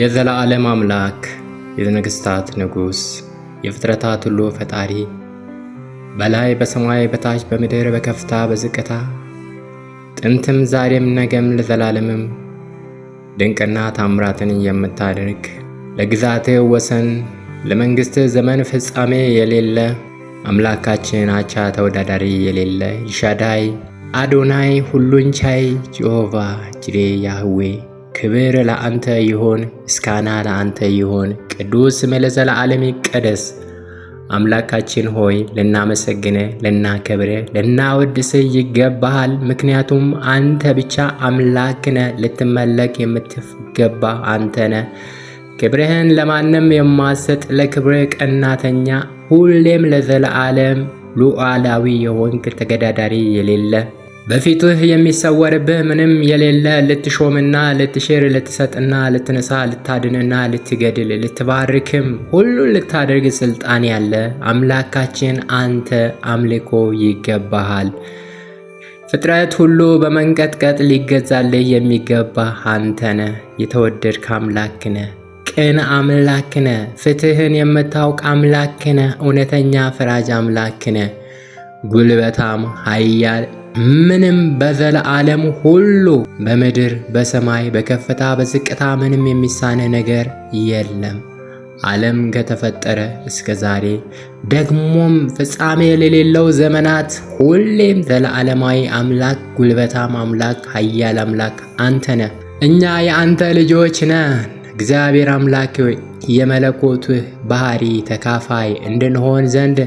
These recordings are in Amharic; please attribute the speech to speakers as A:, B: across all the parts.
A: የዘላለም አምላክ የነገሥታት ንጉሥ የፍጥረታት ሁሉ ፈጣሪ በላይ በሰማይ በታች በምድር በከፍታ በዝቅታ ጥንትም ዛሬም ነገም ለዘላለምም ድንቅና ታምራትን የምታደርግ ለግዛትህ ወሰን ለመንግሥትህ ዘመን ፍጻሜ የሌለ አምላካችን አቻ ተወዳዳሪ የሌለ ይሻዳይ አዶናይ ሁሉን ቻይ ጄሆቫ ጅሬ ያህዌ ክብር ለአንተ ይሁን፣ ምስጋና ለአንተ ይሁን። ቅዱስ ስምህ ለዘለዓለም ይቀደስ። አምላካችን ሆይ ልናመሰግንህ፣ ልናከብርህ፣ ልናወድስህ ይገባሃል። ምክንያቱም አንተ ብቻ አምላክነ ልትመለክ የምትገባ አንተ ነ ክብርህን ለማንም የማሰጥ ለክብረ ቀናተኛ ሁሌም ለዘለዓለም ሉዓላዊ የሆንክ ተገዳዳሪ የሌለ በፊትህ የሚሰወርብህ ምንም የሌለ ልትሾምና ልትሽር ልትሰጥና ልትነሳ ልታድንና ልትገድል ልትባርክም ሁሉን ልታደርግ ስልጣን ያለ አምላካችን አንተ አምልኮ ይገባሃል። ፍጥረት ሁሉ በመንቀጥቀጥ ሊገዛልህ የሚገባ አንተ ነህ። የተወደድክ አምላክ ነህ። ቅን አምላክ ነህ። ፍትህን የምታውቅ አምላክ ነህ። እውነተኛ ፍራጅ አምላክ ነህ። ጉልበታም ኃያል ምንም በዘለዓለም ሁሉ በምድር በሰማይ በከፍታ በዝቅታ ምንም የሚሳነ ነገር የለም። ዓለም ከተፈጠረ እስከ ዛሬ ደግሞም ፍጻሜ ለሌለው ዘመናት ሁሌም ዘለዓለማዊ አምላክ፣ ጉልበታም አምላክ፣ ኃያል አምላክ አንተ ነህ። እኛ የአንተ ልጆች ነን። እግዚአብሔር አምላክ የመለኮትህ ባህሪ ተካፋይ እንድንሆን ዘንድ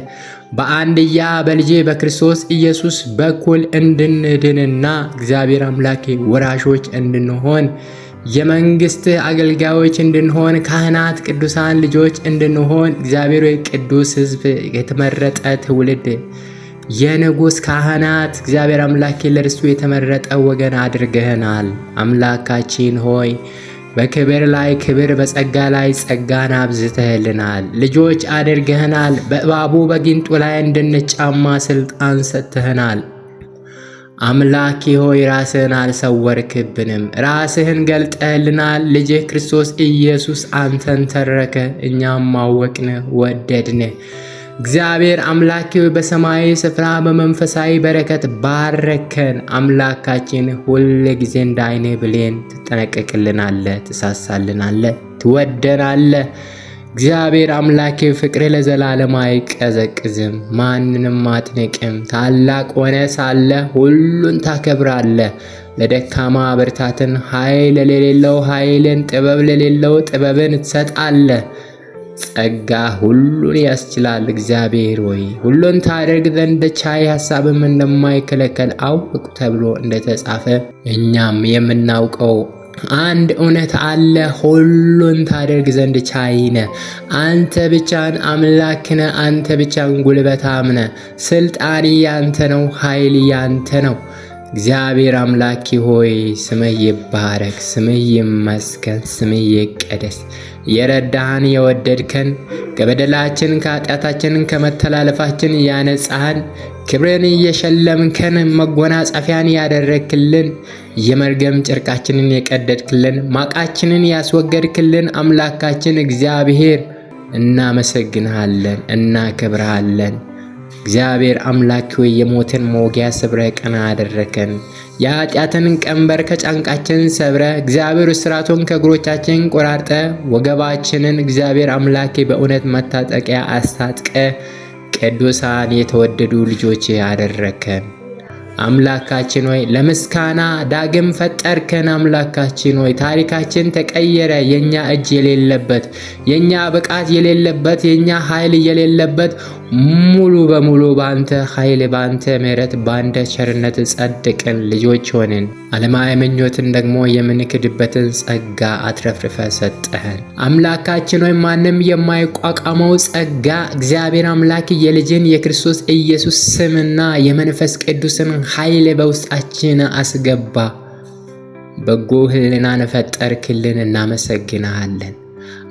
A: በአንድያ በልጄ በክርስቶስ ኢየሱስ በኩል እንድንድንና እግዚአብሔር አምላኬ ወራሾች እንድንሆን የመንግስት አገልጋዮች እንድንሆን ካህናት፣ ቅዱሳን ልጆች እንድንሆን እግዚአብሔር ቅዱስ ሕዝብ የተመረጠ ትውልድ የንጉሥ ካህናት እግዚአብሔር አምላኬ ለርስቱ የተመረጠ ወገን አድርገህናል። አምላካችን ሆይ በክብር ላይ ክብር በጸጋ ላይ ጸጋን አብዝተህልናል። ልጆች አድርገህናል። በእባቡ በጊንጡ ላይ እንድንጫማ ስልጣን ሰጥተህናል። አምላክ ሆይ ራስህን አልሰወርክብንም። ራስህን ገልጠህልናል። ልጅህ ክርስቶስ ኢየሱስ አንተን ተረከ፣ እኛም ማወቅንህ፣ ወደድንህ። እግዚአብሔር አምላኬ በሰማያዊ ስፍራ በመንፈሳዊ በረከት ባረከን። አምላካችን ሁል ጊዜ እንደ አይነ ብሌን ትጠነቀቅልናለ፣ ትሳሳልናለ፣ ትወደናለ። እግዚአብሔር አምላኬ ፍቅር ለዘላለም አይቀዘቅዝም፣ ማንንም አትንቅም። ታላቅ ሆነ ሳለ ሁሉን ታከብራለ። ለደካማ ብርታትን፣ ኃይል ለሌለው ኃይልን፣ ጥበብ ለሌለው ጥበብን ትሰጣለ። ጸጋ ሁሉን ያስችላል። እግዚአብሔር ወይ ሁሉን ታደርግ ዘንድ ቻይ ሐሳብም እንደማይከለከል አውቅ ተብሎ እንደተጻፈ እኛም የምናውቀው አንድ እውነት አለ። ሁሉን ታደርግ ዘንድ ቻይነ አንተ ብቻን አምላክነ አንተ ብቻን ጉልበታምነ ስልጣን ያንተ ነው፣ ኃይል ያንተ ነው። እግዚአብሔር አምላኪ ሆይ ስምህ ይባረክ፣ ስምህ ይመስገን፣ ስምህ ይቀደስ። የረዳህን የወደድከን ከበደላችን ከኃጢአታችን ከመተላለፋችን ያነጻህን ክብርን እየሸለምከን መጎናጸፊያን ያደረግክልን የመርገም ጨርቃችንን የቀደድክልን ማቃችንን ያስወገድክልን አምላካችን እግዚአብሔር እናመሰግንሃለን፣ እናከብርሃለን። እግዚአብሔር አምላክ ሆይ የሞትን መውጊያ ስብረ ቀና አደረከን። የኃጢአትን ቀንበር ከጫንቃችን ሰብረ እግዚአብሔር እስራቱን ከእግሮቻችን ቆራርጠ ወገባችንን እግዚአብሔር አምላኬ በእውነት መታጠቂያ አስታጥቀ ቅዱሳን የተወደዱ ልጆች አደረከን። አምላካችን ሆይ ለምስካና ዳግም ፈጠርከን። አምላካችን ሆይ ታሪካችን ተቀየረ። የኛ እጅ የሌለበት፣ የኛ ብቃት የሌለበት፣ የኛ ኃይል የሌለበት ሙሉ በሙሉ በአንተ ኃይል፣ በአንተ ምሕረት፣ በአንተ ቸርነት ጸድቅን ልጆች ሆንን። ዓለማዊ ምኞትን ደግሞ የምንክድበትን ጸጋ አትረፍርፈ ሰጠህን። አምላካችን ወይም ማንም የማይቋቋመው ጸጋ እግዚአብሔር አምላክ የልጅን የክርስቶስ ኢየሱስ ስምና የመንፈስ ቅዱስን ኃይል በውስጣችን አስገባ። በጎ ሕልናን ፈጠርክልን፣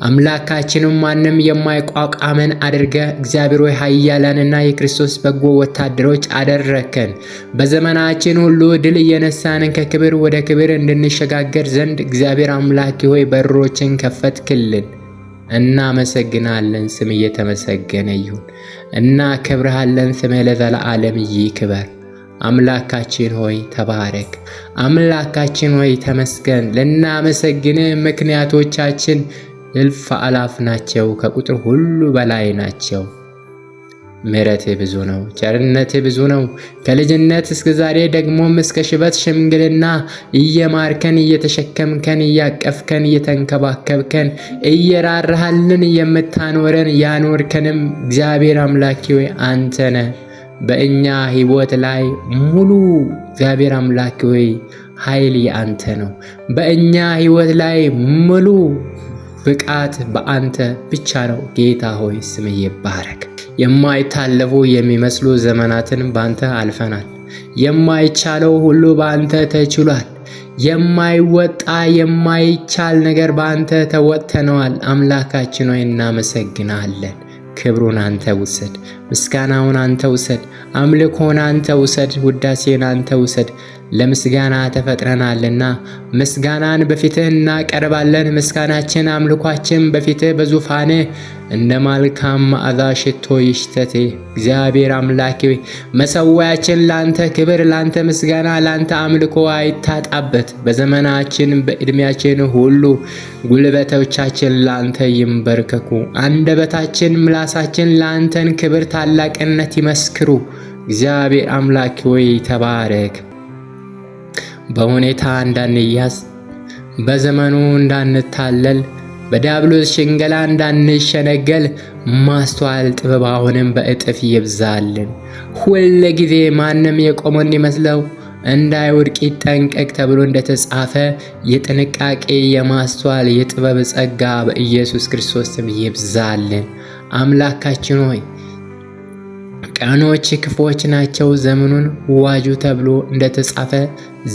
A: አምላካችንም ማንም የማይቋቋመን አድርገህ እግዚአብሔር ሆይ ኃያላንና የክርስቶስ በጎ ወታደሮች አደረከን። በዘመናችን ሁሉ ድል እየነሳንን ከክብር ወደ ክብር እንድንሸጋገር ዘንድ እግዚአብሔር አምላኪ ሆይ በሮችን ከፈትክልን። እናመሰግናለን። ስም እየተመሰገነ ይሁን። እናከብርሃለን። ስምህ ለዘለዓለም ይክበር። አምላካችን ሆይ ተባረክ። አምላካችን ሆይ ተመስገን። ልናመሰግንህ ምክንያቶቻችን እልፍ አላፍ ናቸው፣ ከቁጥር ሁሉ በላይ ናቸው። ምሕረትህ ብዙ ነው፣ ቸርነትህ ብዙ ነው። ከልጅነት እስከ ዛሬ ደግሞም እስከ ሽበት ሽምግልና እየማርከን፣ እየተሸከምከን፣ እያቀፍከን፣ እየተንከባከብከን፣ እየራራሃልን የምታኖረን ያኖርከንም እግዚአብሔር አምላኬ ሆይ አንተ ነህ። በእኛ ሕይወት ላይ ሙሉ እግዚአብሔር አምላኬ ሆይ ኃይል የአንተ ነው። በእኛ ህይወት ላይ ሙሉ ብቃት በአንተ ብቻ ነው። ጌታ ሆይ ስም ይባረክ። የማይታለፉ የሚመስሉ ዘመናትን በአንተ አልፈናል። የማይቻለው ሁሉ በአንተ ተችሏል። የማይወጣ የማይቻል ነገር በአንተ ተወጥተነዋል። አምላካችን ሆይ እናመሰግናለን። ክብሩን አንተ ውሰድ። ምስጋናውን አንተ ውሰድ፣ አምልኮን አንተ ውሰድ፣ ውዳሴን አንተ ውሰድ። ለምስጋና ተፈጥረናልና ምስጋናን በፊትህ እናቀርባለን። ምስጋናችን አምልኳችን በፊትህ በዙፋን እንደ መልካም መዓዛ ሽቶ ይሽተቴ። እግዚአብሔር አምላኬ መሰዋያችን ላንተ ክብር፣ ላንተ ምስጋና፣ ላንተ አምልኮ አይታጣበት። በዘመናችን በዕድሜያችን ሁሉ ጉልበቶቻችን ላንተ ይንበርከኩ፣ አንደበታችን ምላሳችን ላንተን ክብር ታላቅነት ይመስክሩ። እግዚአብሔር አምላክ ወይ ተባረክ። በሁኔታ እንዳንያዝ፣ በዘመኑ እንዳንታለል፣ በዲያብሎስ ሽንገላ እንዳንሸነገል ማስተዋል ጥበብ አሁንም በእጥፍ ይብዛልን። ሁል ጊዜ ማንም የቆመን ይመስለው እንዳይወድቅ ይጠንቀቅ ተብሎ እንደተጻፈ የጥንቃቄ የማስተዋል የጥበብ ጸጋ በኢየሱስ ክርስቶስም ይብዛልን። አምላካችን ሆይ ቀኖች ክፉዎች ናቸው፣ ዘመኑን ዋጁ ተብሎ እንደተጻፈ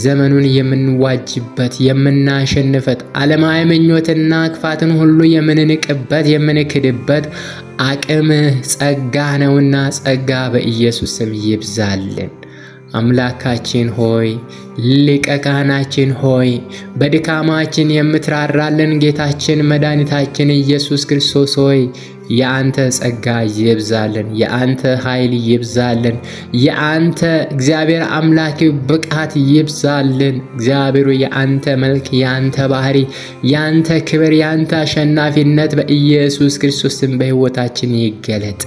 A: ዘመኑን የምንዋጅበት የምናሸንፈት ዓለማዊ ምኞትና ክፋትን ሁሉ የምንንቅበት የምንክድበት አቅም ጸጋ ነውና ጸጋ በኢየሱስ ስም ይብዛልን። አምላካችን ሆይ ሊቀ ካህናችን ሆይ በድካማችን የምትራራልን ጌታችን መድኃኒታችን ኢየሱስ ክርስቶስ ሆይ የአንተ ጸጋ ይብዛልን፣ የአንተ ኃይል ይብዛልን፣ የአንተ እግዚአብሔር አምላኪ ብቃት ይብዛልን። እግዚአብሔሩ የአንተ መልክ፣ የአንተ ባህሪ፣ የአንተ ክብር፣ የአንተ አሸናፊነት በኢየሱስ ክርስቶስን ስም በሕይወታችን ይገለጥ።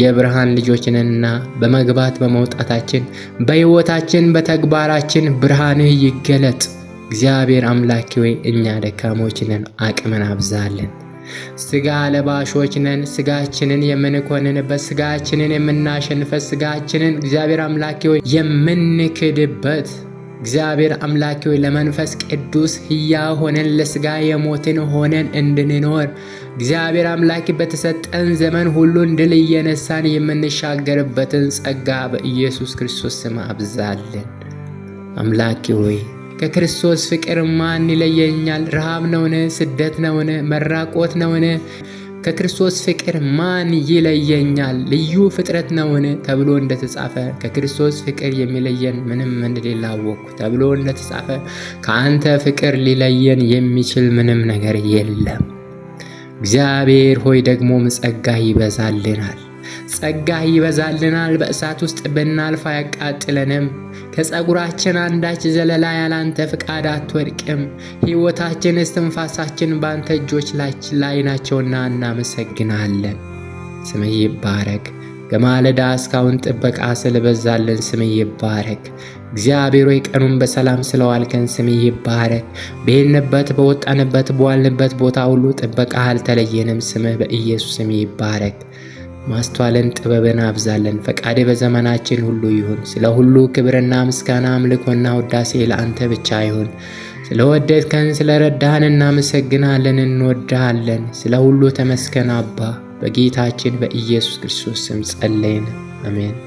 A: የብርሃን ልጆችንና በመግባት በመውጣታችን በሕይወታችን በተግባራችን ብርሃንህ ይገለጥ። እግዚአብሔር አምላኬ ወይ እኛ ደካሞች ነን፣ አቅምን አብዛለን። ስጋ ለባሾች ነን። ስጋችንን የምንኮንንበት፣ ስጋችንን የምናሸንፈት፣ ስጋችንን እግዚአብሔር አምላኪ ወይ የምንክድበት እግዚአብሔር አምላኬ ሆይ ለመንፈስ ቅዱስ ህያ ሆነን ለስጋ የሞትን ሆነን እንድንኖር እግዚአብሔር አምላኬ በተሰጠን ዘመን ሁሉን ድል እየነሳን የምንሻገርበትን ጸጋ በኢየሱስ ክርስቶስ ስም አብዛለን። አምላኬ ሆይ ከክርስቶስ ፍቅር ማን ይለየኛል? ረሃብ ነውን? ስደት ነውን? መራቆት ነውን? ከክርስቶስ ፍቅር ማን ይለየኛል? ልዩ ፍጥረት ነውን? ተብሎ እንደተጻፈ ከክርስቶስ ፍቅር የሚለየን ምንም እንደሌለ አወቅኩ ተብሎ እንደተጻፈ ከአንተ ፍቅር ሊለየን የሚችል ምንም ነገር የለም። እግዚአብሔር ሆይ ደግሞም ጸጋህ ይበዛልናል ጸጋ ይበዛልናል። በእሳት ውስጥ ብናልፍ አያቃጥለንም። ከፀጉራችን አንዳች ዘለላ ያላንተ ፍቃድ አትወድቅም። ሕይወታችን እስትንፋሳችን ባንተ እጆች ላይ ናቸውና እናመሰግናለን። ስም ይባረክ። ከማለዳ እስካሁን ጥበቃ ስለበዛልን ስም ይባረክ። እግዚአብሔር ሆይ ቀኑን በሰላም ስለዋልከን ስም ይባረክ። በሄድንበት በወጣንበት በዋልንበት ቦታ ሁሉ ጥበቃ አልተለየንም። ስምህ በኢየሱስ ስም ይባረክ። ማስተዋልን ጥበብን አብዛለን። ፈቃድ በዘመናችን ሁሉ ይሁን። ስለ ሁሉ ክብርና ምስጋና አምልኮና ውዳሴ ለአንተ ብቻ ይሁን። ስለ ወደድከን ስለ ረዳህን እናመሰግናለን፣ እንወድሃለን። ስለ ሁሉ ተመስገን አባ። በጌታችን በኢየሱስ ክርስቶስ ስም ጸለይን፣ አሜን።